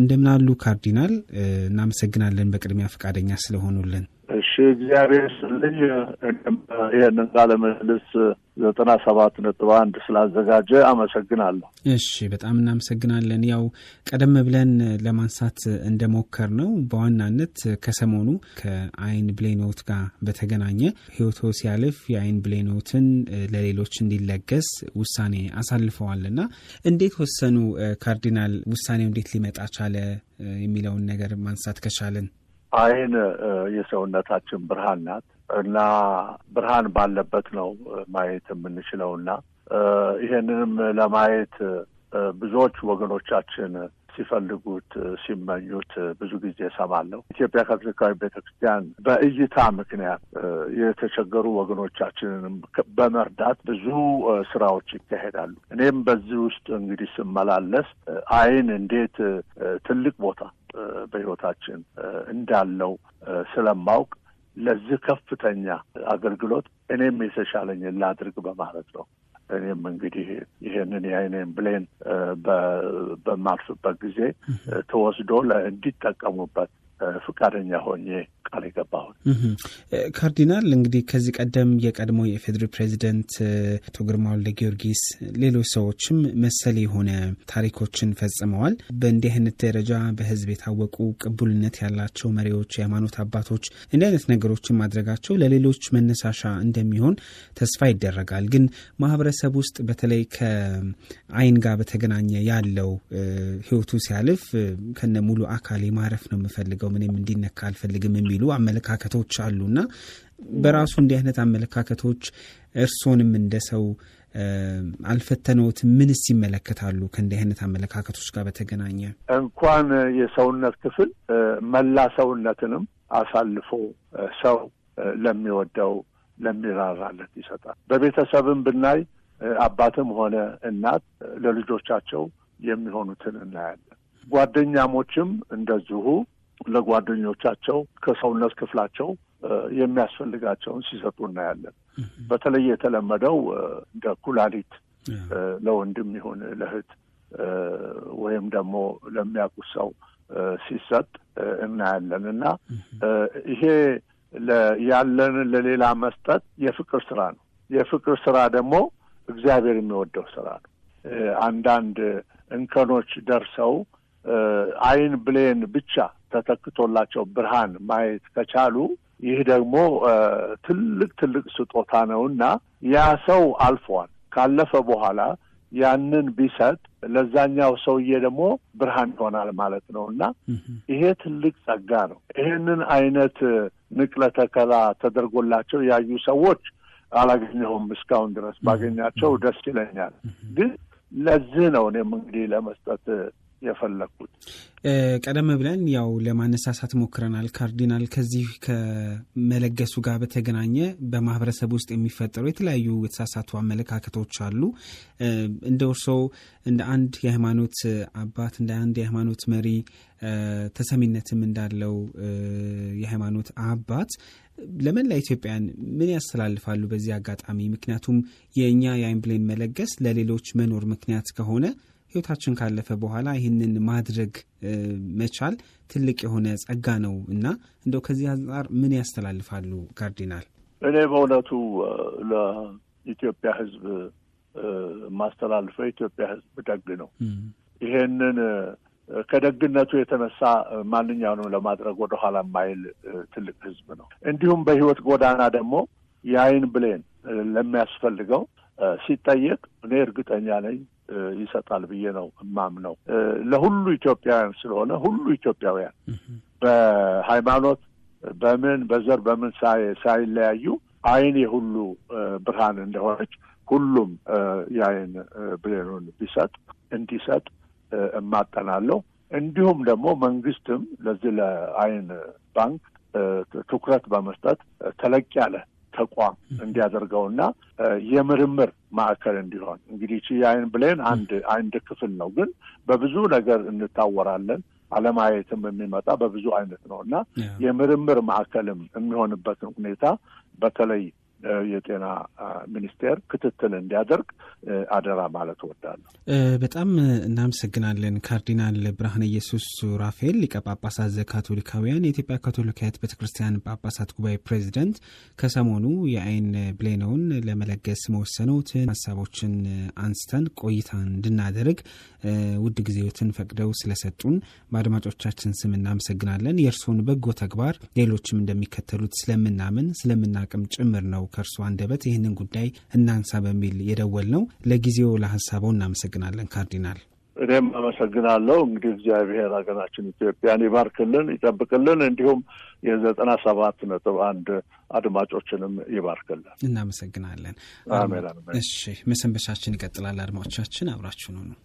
እንደምናሉ ካርዲናል? እናመሰግናለን በቅድሚያ ፈቃደኛ ስለሆኑልን። እሺ እግዚአብሔር ስልኝ ይህንን ቃለ ምልልስ ዘጠና ሰባት ነጥብ አንድ ስላዘጋጀ አመሰግናለሁ። እሺ በጣም እናመሰግናለን። ያው ቀደም ብለን ለማንሳት እንደሞከር ነው በዋናነት ከሰሞኑ ከአይን ብሌኖት ጋር በተገናኘ ህይወቶ ሲያልፍ የአይን ብሌኖትን ለሌሎች እንዲለገስ ውሳኔ አሳልፈዋልና እንዴት ወሰኑ ካርዲናል? ውሳኔው እንዴት ሊመጣ ቻለ የሚለውን ነገር ማንሳት ከቻለን አይን የሰውነታችን ብርሃን ናት እና ብርሃን ባለበት ነው ማየት የምንችለው እና ይሄንንም ለማየት ብዙዎች ወገኖቻችን ሲፈልጉት ሲመኙት ብዙ ጊዜ ሰማለሁ። ኢትዮጵያ ካቶሊካዊ ቤተክርስቲያን በእይታ ምክንያት የተቸገሩ ወገኖቻችንንም በመርዳት ብዙ ስራዎች ይካሄዳሉ። እኔም በዚህ ውስጥ እንግዲህ ስመላለስ አይን እንዴት ትልቅ ቦታ በህይወታችን እንዳለው ስለማውቅ ለዚህ ከፍተኛ አገልግሎት እኔም የተሻለኝ ላድርግ በማለት ነው። እኔም እንግዲህ ይህንን የአይኔን ብሌን በማርፍበት ጊዜ ተወስዶ እንዲጠቀሙበት ፈቃደኛ ሆኜ ቃል የገባሁት። ካርዲናል እንግዲህ ከዚህ ቀደም የቀድሞ የፌዴሪ ፕሬዚደንት አቶ ግርማ ወልደ ጊዮርጊስ፣ ሌሎች ሰዎችም መሰል የሆነ ታሪኮችን ፈጽመዋል። በእንዲህ አይነት ደረጃ በህዝብ የታወቁ ቅቡልነት ያላቸው መሪዎች፣ የሃይማኖት አባቶች እንዲህ አይነት ነገሮችን ማድረጋቸው ለሌሎች መነሳሻ እንደሚሆን ተስፋ ይደረጋል። ግን ማህበረሰብ ውስጥ በተለይ ከአይን ጋር በተገናኘ ያለው ህይወቱ ሲያልፍ ከነ ሙሉ አካል ማረፍ ነው የምፈልገው፣ ምንም እንዲነካ አልፈልግም የሚሉ የሚሉ አመለካከቶች አሉና በራሱ እንዲህ አይነት አመለካከቶች እርሶንም እንደ ሰው አልፈተነውት ምንስ ይመለከታሉ? ከእንዲህ አይነት አመለካከቶች ጋር በተገናኘ እንኳን የሰውነት ክፍል መላ ሰውነትንም አሳልፎ ሰው ለሚወደው ለሚራራለት ይሰጣል። በቤተሰብም ብናይ አባትም ሆነ እናት ለልጆቻቸው የሚሆኑትን እናያለን። ጓደኛሞችም እንደዚሁ ለጓደኞቻቸው ከሰውነት ክፍላቸው የሚያስፈልጋቸውን ሲሰጡ እናያለን። በተለይ የተለመደው እንደ ኩላሊት ለወንድም ይሁን ለእህት ወይም ደግሞ ለሚያቁት ሰው ሲሰጥ እናያለን እና ይሄ ያለን ለሌላ መስጠት የፍቅር ስራ ነው። የፍቅር ስራ ደግሞ እግዚአብሔር የሚወደው ስራ ነው። አንዳንድ እንከኖች ደርሰው አይን ብሌን ብቻ ተተክቶላቸው ብርሃን ማየት ከቻሉ ይህ ደግሞ ትልቅ ትልቅ ስጦታ ነው እና ያ ሰው አልፏል። ካለፈ በኋላ ያንን ቢሰጥ ለዛኛው ሰውዬ ደግሞ ብርሃን ይሆናል ማለት ነው እና ይሄ ትልቅ ጸጋ ነው። ይሄንን አይነት ንቅለ ተከላ ተደርጎላቸው ያዩ ሰዎች አላገኘሁም እስካሁን ድረስ። ባገኛቸው ደስ ይለኛል። ግን ለዚህ ነው እኔም እንግዲህ ለመስጠት የፈለግኩት። ቀደም ብለን ያው ለማነሳሳት ሞክረናል። ካርዲናል ከዚህ ከመለገሱ ጋር በተገናኘ በማህበረሰብ ውስጥ የሚፈጠሩ የተለያዩ የተሳሳቱ አመለካከቶች አሉ። እንደ እርስዎ እንደ አንድ የሃይማኖት አባት እንደ አንድ የሃይማኖት መሪ ተሰሚነትም እንዳለው የሃይማኖት አባት ለመላ ኢትዮጵያን ምን ያስተላልፋሉ በዚህ አጋጣሚ? ምክንያቱም የእኛ የአይምብሌን መለገስ ለሌሎች መኖር ምክንያት ከሆነ ህይወታችን ካለፈ በኋላ ይህንን ማድረግ መቻል ትልቅ የሆነ ጸጋ ነው እና እንደው ከዚህ አንጻር ምን ያስተላልፋሉ ካርዲናል? እኔ በእውነቱ ለኢትዮጵያ ህዝብ ማስተላልፈው የኢትዮጵያ ህዝብ ደግ ነው። ይሄንን ከደግነቱ የተነሳ ማንኛውንም ለማድረግ ወደኋላ የማይል ትልቅ ህዝብ ነው። እንዲሁም በህይወት ጎዳና ደግሞ የአይን ብሌን ለሚያስፈልገው ሲጠየቅ እኔ እርግጠኛ ነኝ ይሰጣል ብዬ ነው የማምነው። ለሁሉ ኢትዮጵያውያን ስለሆነ ሁሉ ኢትዮጵያውያን በሃይማኖት፣ በምን በዘር፣ በምን ሳይለያዩ አይን የሁሉ ብርሃን እንደሆነች ሁሉም የአይን ብሌኑን ቢሰጥ እንዲሰጥ እማጠናለሁ። እንዲሁም ደግሞ መንግስትም ለዚህ ለአይን ባንክ ትኩረት በመስጠት ተለቅ ያለ ተቋም እንዲያደርገውና የምርምር ማዕከል እንዲሆን እንግዲህ የአይን ብሌን አንድ አንድ ክፍል ነው፣ ግን በብዙ ነገር እንታወራለን። አለማየትም የሚመጣ በብዙ አይነት ነው እና የምርምር ማዕከልም የሚሆንበትን ሁኔታ በተለይ የጤና ሚኒስቴር ክትትል እንዲያደርግ አደራ ማለት እወዳለሁ። በጣም እናመሰግናለን ካርዲናል ብርሃነ ኢየሱስ ራፋኤል ሊቀ ጳጳሳት ዘካቶሊካውያን የኢትዮጵያ ካቶሊካዊት ቤተክርስቲያን ጳጳሳት ጉባኤ ፕሬዚደንት፣ ከሰሞኑ የአይን ብሌኖውን ለመለገስ መወሰኖትን ሀሳቦችን አንስተን ቆይታ እንድናደርግ ውድ ጊዜዎትን ፈቅደው ስለሰጡን በአድማጮቻችን ስም እናመሰግናለን። የእርስዎን በጎ ተግባር ሌሎችም እንደሚከተሉት ስለምናምን ስለምናቅም ጭምር ነው ከእርሱ አንደበት ይህንን ጉዳይ እናንሳ በሚል የደወል ነው። ለጊዜው ለሀሳበው እናመሰግናለን ካርዲናል። እኔም አመሰግናለሁ። እንግዲህ እግዚአብሔር ሀገራችን ኢትዮጵያን ይባርክልን፣ ይጠብቅልን እንዲሁም የዘጠና ሰባት ነጥብ አንድ አድማጮችንም ይባርክልን። እናመሰግናለን። እሺ መሰንበቻችን ይቀጥላል። አድማጮቻችን አብራችሁን ነው